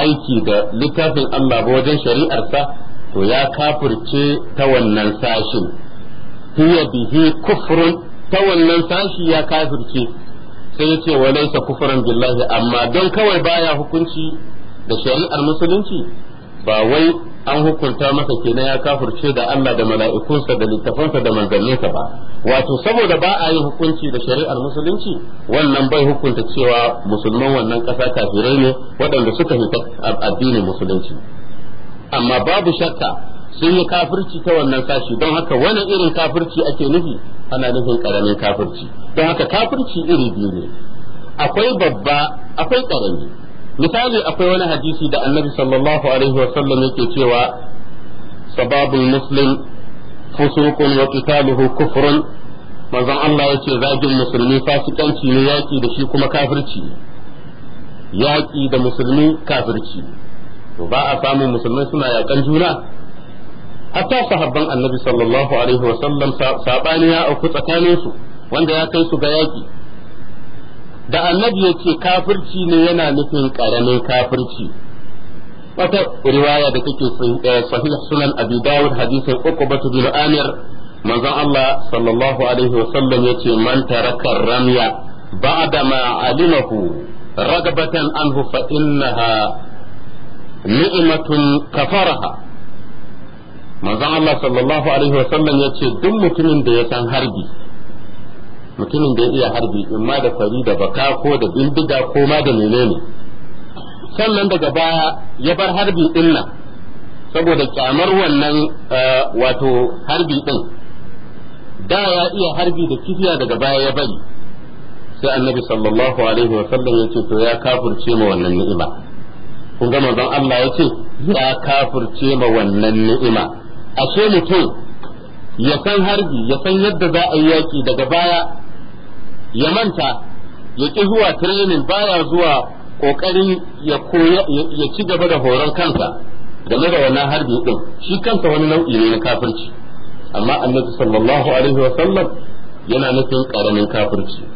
Speaker 2: aiki da littafin Allah ba wajen shari'arsa to ya kafirce ta wannan sashin huwa bihi kufrun ta wannan sashi ya kafirce sai ya ce wa laisa kufran billahi amma don kawai baya hukunci da shari'ar musulunci ba wai an hukunta masa kenan ya kafirce da Allah da mala'ikunsa da littafansa da manzanninsa ba wato saboda ba a yin hukunci da shari'ar musulunci wannan bai hukunta cewa musulman wannan kasa kafirai ne waɗanda suka fita addinin musulunci amma babu shakka sun yi kafirci ta wannan sashi don haka wani irin kafirci ake nufi ana nufin karamin kafirci don haka kafirci iri biyu ne akwai babba akwai karami misali akwai wani hadisi da annabi sallallahu alaihi wasallam yake cewa sababul muslim fusuqun wa qitaluhu kufrun manzon Allah yace zagin musulmi fasikanci ne yaki da shi kuma kafirci yaki da musulmi kafirci to ba a samun musulmai suna yakan juna hatta sahabban annabi sallallahu alaihi wasallam sabani ya auku tsakanin su wanda ya kai su ga yaki da annabi ya ce kafirci ne yana nufin karamin kafirci wata riwaya da take sahih eh, sunan abi dawud hadisin uqbatu bin amir manzon Allah sallallahu alaihi wasallam ya ce man taraka ramya ba'da ma alimahu ragabatan anhu fa innaha ni'imatun kafaraha manzon Allah sallallahu alaihi wasallam ya duk mutumin da ya san harbi mutumin da ya iya harbi in ma da fari da baka ko da bindiga ko ma da menene sannan daga baya ya bar harbi din nan saboda kyamar wannan eh, wato harbi din da ya iya harbi da kifiya daga baya ya bari sai annabi sallallahu alaihi wasallam ya ce to ya kafurce ma wannan ni'ima kun ga manzon Allah ya ce ya kafirce ma wannan ni'ima A so mutum ya san harbi ya san yadda za a yi yaki daga baya ya manta ya ki zuwa training baya zuwa kokari ya koya ya ci gaba da horon kansa game da wannan harbi din shi kansa wani nau'i ne na kafirci amma annabi sallallahu alaihi wa sallam yana nufin karamin kafirci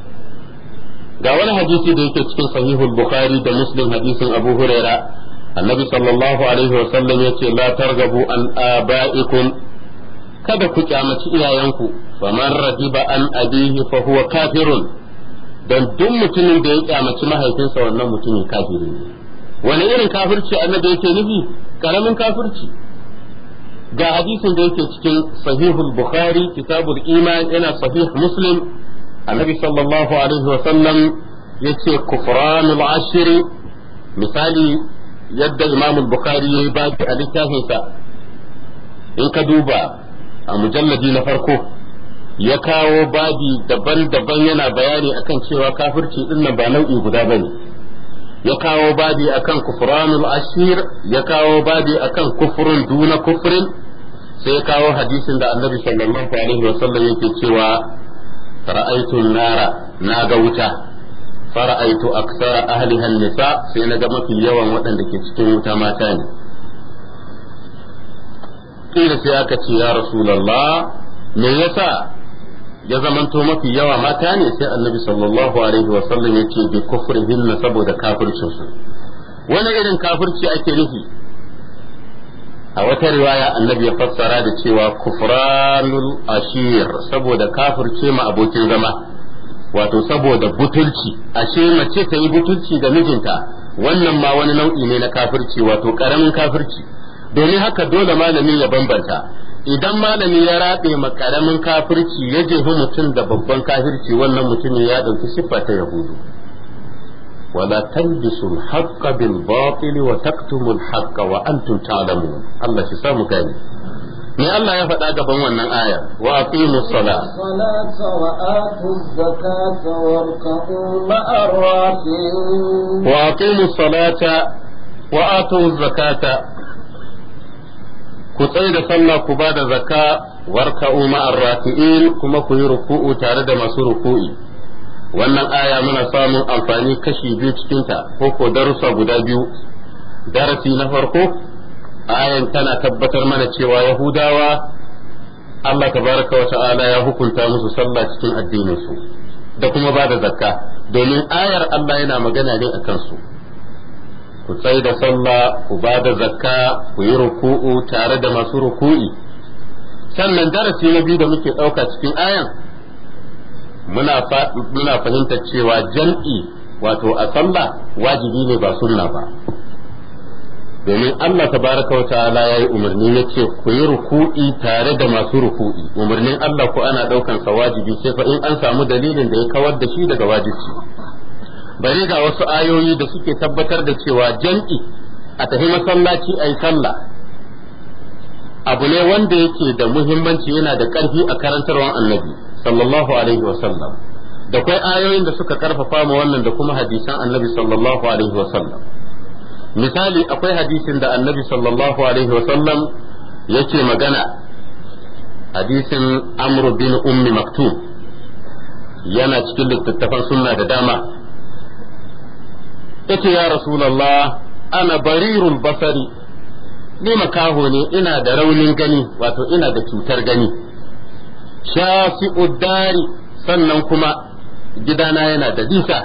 Speaker 2: ga wani hadisi da yake cikin sahihul bukhari da muslim hadisin abu huraira annabi sallallahu alaihi wa sallam yace la targabu an abaikum kada ku kyamaci iyayenku faman radiba an abihi fa huwa kafirun dan duk mutumin da ya kyamaci mahaifinsa wannan mutumin kafiri ne wani irin kafirci annabi yake nufi karamin kafirci ga hadisin da yake cikin sahihul bukhari kitabul iman yana sahih muslim annabi sallallahu alaihi wa sallam yace kufranul ashri misali yadda imam bukhari yi ba a littafin sa in ka duba a mujalladi na farko ya kawo babi daban-daban yana bayani akan cewa kafirci din nan ba nau'i guda bane ya kawo babi akan kufranul ashir ya kawo babi akan kufrun duna kufrin sai ya kawo hadisin da annabi sallallahu alaihi wa sallam yake cewa Fara'aitun nara na ga wuta fara'aitu aksara ahliha nisa sai na ga mafi yawan waɗanda ke cikin wuta mata ne kila sai aka ce ya rasulullah me yasa ya zamanto mafi yawa mata ne sai annabi sallallahu alaihi wa sallam yace bi kufrihin saboda kafircin su wani irin kafirci ake nufi a wata riwaya annabi ya fassara da cewa kufranul ashir saboda kafirce ma abokin zama wato saboda butulci ashe mace ta yi butulci ga mijinta wannan ma wani nau'i ne na kafirci wato karamin kafirci domin haka dole malami ya bambanta idan malami ya rabe ma karamin kafirci ya jefi mutum da babban kafirci wannan mutumin ya ɗauki siffa ta yahudu ولا تلبسوا الحق بالباطل وتكتموا الحق وأنتم تعلمون الله Allah ya faɗa gaban wannan aya wa aqimu sala
Speaker 3: salata wa atu zakata warka'u wa aqimu
Speaker 2: salata wa atu zakata ku tsaye sallah ku ba da zakka warka'u ma'ar kuma ku yi ruku'u tare da masu ruku'i wannan aya muna samun amfani kashi biyu cikinta ko ko darussa guda biyu darasi na farko ayan tana tabbatar mana cewa yahudawa Allah tabaraka wa ta'ala ya hukunta musu sallah cikin addininsu da kuma ba da zakka domin ayar Allah yana magana ne akan su ku tsai da sallah ku ba da zakka ku yi ruku'u tare da masu ruku'i sannan darasi na biyu da muke ɗauka cikin ayan muna muna fahimtar cewa jam'i wato a sallah wajibi ne ba sunna ba domin Allah tabaraka wa ta'ala yayi umarni yace ku yi ruku'i tare da masu ruku'i umarnin Allah ko ana daukan sa wajibi sai fa in an samu dalilin da ya kawar da shi daga wajibi bari ga wasu ayoyi da suke tabbatar da cewa jam'i a tafi masallaci ayi sallah abu ne wanda yake da muhimmanci yana da ƙarfi a karantarwar annabi sallallahu alaihi sallam da kwai ayoyin da suka karfafa ma wannan da kuma hadisan annabi sallallahu alaihi sallam misali akwai hadisin da annabi sallallahu alaihi wasallam
Speaker 1: yake magana
Speaker 2: hadisin amr bin ummi maktum yana cikin littattafan sunna da dama yace ya rasulullah ana barirul basari ni makaho ne ina da raunin gani wato ina da cutar gani shafi dari sannan kuma gidana yana da bisa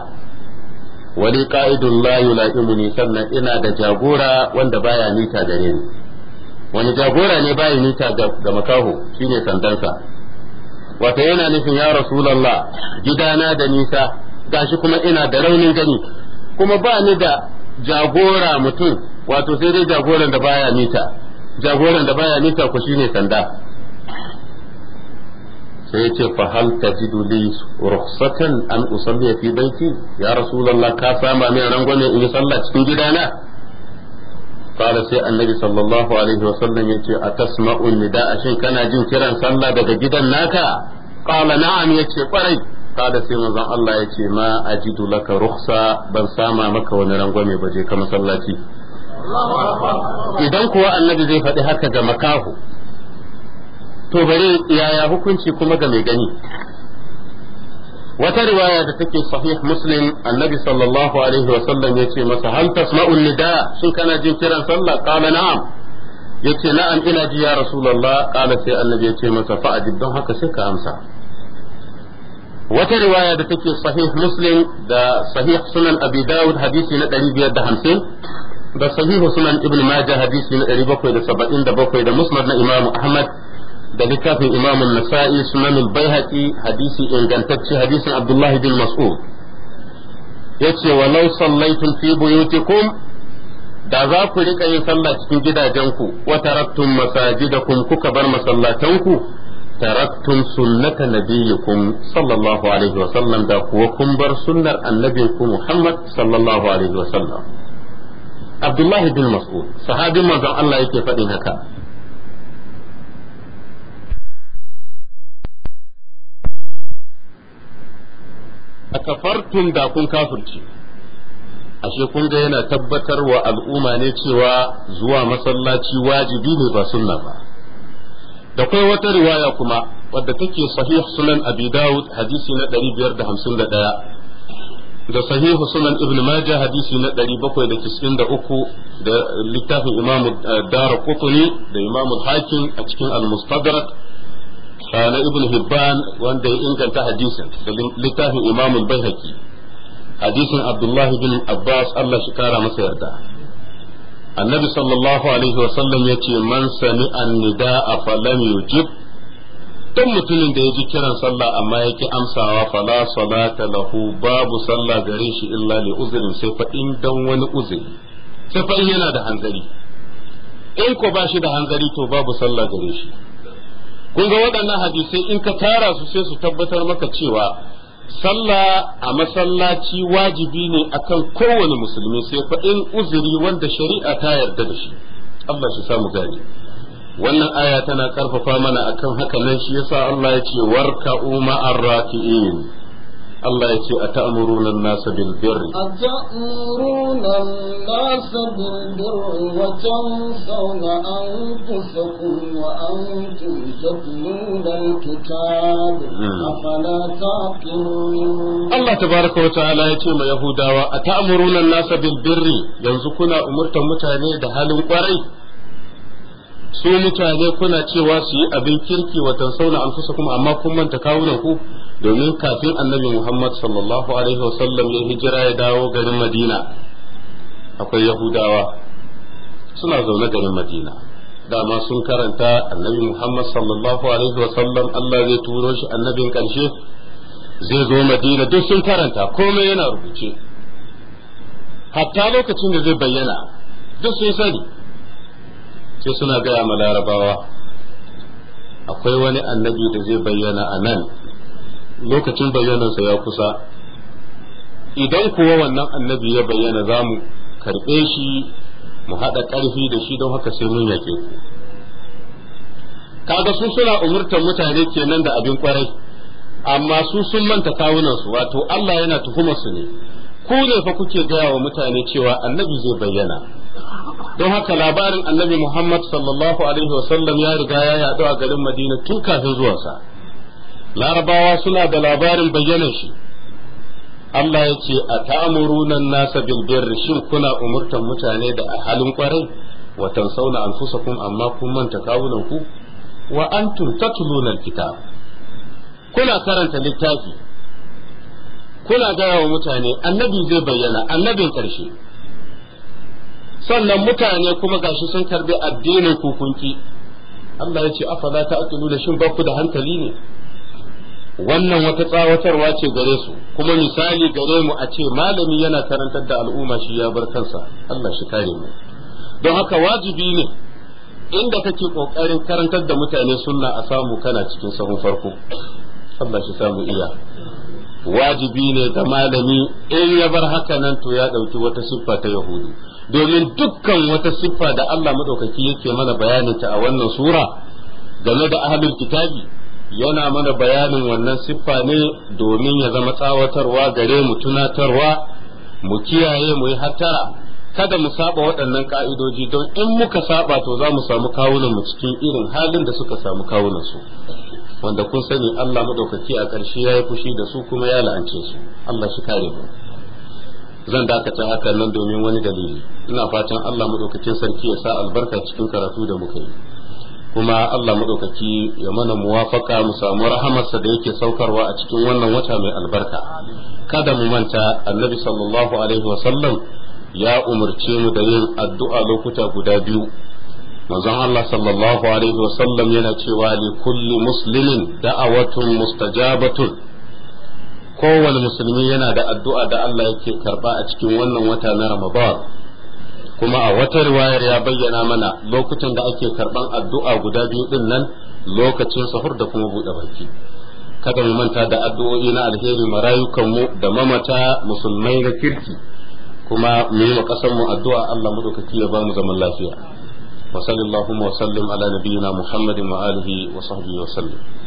Speaker 2: wani ka'idun la yula'imuni sannan ina da jagora wanda baya nita gare ni wani jagora ne baya nita ga makaho shine sandansa wata yana nufin ya rasulallah gidana da nisa gashi kuma ina da raunin gani kuma ba ni da jagora mutum wato sai dai jagoran da baya nita jagoran da baya nita ku shine sanda sai ya ce fahal tajidu li rukhsatan an usalli fi baiti ya rasulullah ka sama min rangwame in yi sallah cikin gidana قال سي النبي صلى الله عليه وسلم يتي أتسمع النداء شيء كان جن كيران صلى دقا جدا ناكا قال نعم يتي قريب قال سي مزان الله يتي ما أجد لك رخصة بل ساما مكة ونرنغومي بجي كما صلاتي idan kuwa annabi zai faɗi haka ga makahu to bari yaya hukunci kuma ga mai gani wata riwaya da take sahih muslim annabi sallallahu alaihi wa sallam yace masa hal tasma'un nida shin kana jin kiran sallah qala na'am yace na'am ina ji ya rasulullah qala sai annabi yace masa fa don haka sai ka amsa wata riwaya da take sahih muslim da sahih sunan abi daud hadisi na 550 da sahih sunan ibn majah hadisi na 777 da musnad na imam ahmad da littafin Imam Nasa'i Sunan al-Baihaqi hadisi ingantacce hadisin Abdullah bin Mas'ud yace walau sallaitum fi buyutikum da za ku rika yin sallah cikin gidajenku wa taraktum masajidakum kuka bar masallatanku taraktum sunnata nabiyikum sallallahu alaihi wa sallam da kuwa kun bar sunnar annabinku Muhammad sallallahu alaihi wa sallam Abdullah bin Mas'ud sahabin manzon Allah yake faɗin haka a kafartun da kun kafirce ashe kun ga yana tabbatar wa al'umma ne cewa zuwa masallaci wajibi ne ba sunna ba da kai wata riwaya kuma wadda take sahih sunan abi dawud hadisi na 551 da sahih sunan ibn majah hadisi na 793 da littafin imam dar da imam hakim a cikin al-mustadrak قال ابن هبان وان ان كان حديثا لتاه امام البيهقي حديث عبد الله بن عباس الله شكارا sallallahu النبي صلى الله عليه وسلم يتي من سمع النداء فلم يجب dan mutumin da ya ji kiran sallah amma ya ki amsawa fala salata lahu babu sallah gare shi illa li uzrin sai fa in dan wani uzuri sai fa in yana da hanzari in ko ba shi da hanzari to babu sallah gare shi kun ga waɗannan hadisai in ka tara su sai su tabbatar maka cewa sallah a masallaci wajibi ne akan kowane musulmi sai fa in uzuri wanda shari'a ta yarda da shi Allah shi samu gani wannan aya tana karfafa mana akan haka nan shi yasa Allah ya ce warka'u ma'arrafi'in Allah ya ce a ta'amuruna nasa bil birri
Speaker 3: a ta'amuruna nasa bil birri wa tansawna anfusakum wa antum tatluna al-kitab hmm. afala taqilun Allah
Speaker 2: tabaraka wa ta'ala ya ce ma yahudawa a ta'amuruna nasa bil birri yanzu kuna umurtan mutane da halin kwarai su mutane kuna cewa su yi abin kirki wa tansauna anfusakum amma kun manta kawunan ku domin kafin annabi Muhammad sallallahu alaihi wasallam ya hijira ya dawo garin Madina akwai Yahudawa suna zaune garin Madina dama sun karanta annabi Muhammad sallallahu alaihi wasallam Allah zai turo shi annabin karshe zai zo Madina duk sun karanta komai yana rubuce hatta lokacin da zai bayyana duk sun sani sai suna gaya ma larabawa akwai wani annabi da zai bayyana a nan lokacin bayyanansa ya kusa idan kuwa wannan annabi ya bayyana zamu mu karɓe shi mu haɗa ƙarfi da shi don haka sai mun yake ku kaga su suna umurtar mutane kenan da abin kwarai amma su sun manta kawunansu wato Allah yana tuhumar su ne ku ne fa kuke gaya wa mutane cewa annabi zai bayyana don haka labarin annabi Muhammad sallallahu alaihi wasallam ya riga ya yaɗu a garin Madina tun kafin zuwansa. larabawa suna da labarin bayyanar shi Allah ya ce a ta'amuruna nasa bil shin kuna umurtan mutane da a halin kwarai wa tansauna anfusakum amma kun manta kawunan ku wa antum tatluna alkitab kuna karanta littafi kuna gaya wa mutane annabi zai bayyana annabin karshe sannan mutane kuma gashi sun karbi addinin kukunki Allah ya ce afala ta'qiluna shin ba ku da hankali ne wannan wata tsawatarwa ce gare su kuma misali gare mu a ce malami yana karantar da al'umma shi ya bar kansa Allah shi kare mu don haka wajibi ne inda kake kokarin karantar da mutane sunna a samu kana cikin sahun farko Allah shi samu iya wajibi ne ga malami in ya bar haka nan to ya dauki wata siffa ta yahudi domin dukkan wata siffa da Allah madaukaki yake mana bayanin ta a wannan sura game da ahlul kitabi yana mana bayanin wannan siffa ne domin ya zama tsawatarwa gare mu tunatarwa mu kiyaye mu yi hattara kada mu saba waɗannan ka'idoji don in muka saba to za mu samu kawunan mu cikin irin halin da suka samu kawunan su wanda kun sani Allah madaukaki a ƙarshe ya yi fushi da su kuma ya la'ance su Allah shi kare mu zan dakata hakan nan domin wani dalili ina fatan Allah madaukakin sarki ya sa albarka cikin karatu da muka yi kuma Allah madaukaki ya mana muwafaka mu samu rahamarsa da yake saukarwa a cikin wannan wata mai albarka kada mu manta annabi sallallahu alaihi wasallam ya umarce mu da yin addu'a lokuta guda biyu manzon Allah sallallahu alaihi wasallam yana cewa li kulli muslimin da'awatun mustajabatun kowane musulmi yana da addu'a da Allah yake karba a cikin wannan wata na Ramadan kuma a wata riwayar ya bayyana mana lokacin da ake karban addu'a guda biyu din nan lokacin sahur da kuma buɗe baki kada mu manta da addu'o'i na alheri marayukan mu da mamata musulmai na kirki kuma mu yi wa ƙasar mu addu'a Allah madaukaki ya ba mu zaman lafiya wa sallallahu wa sallim ala nabiyyina muhammadin wa alihi wa sahbihi
Speaker 1: wa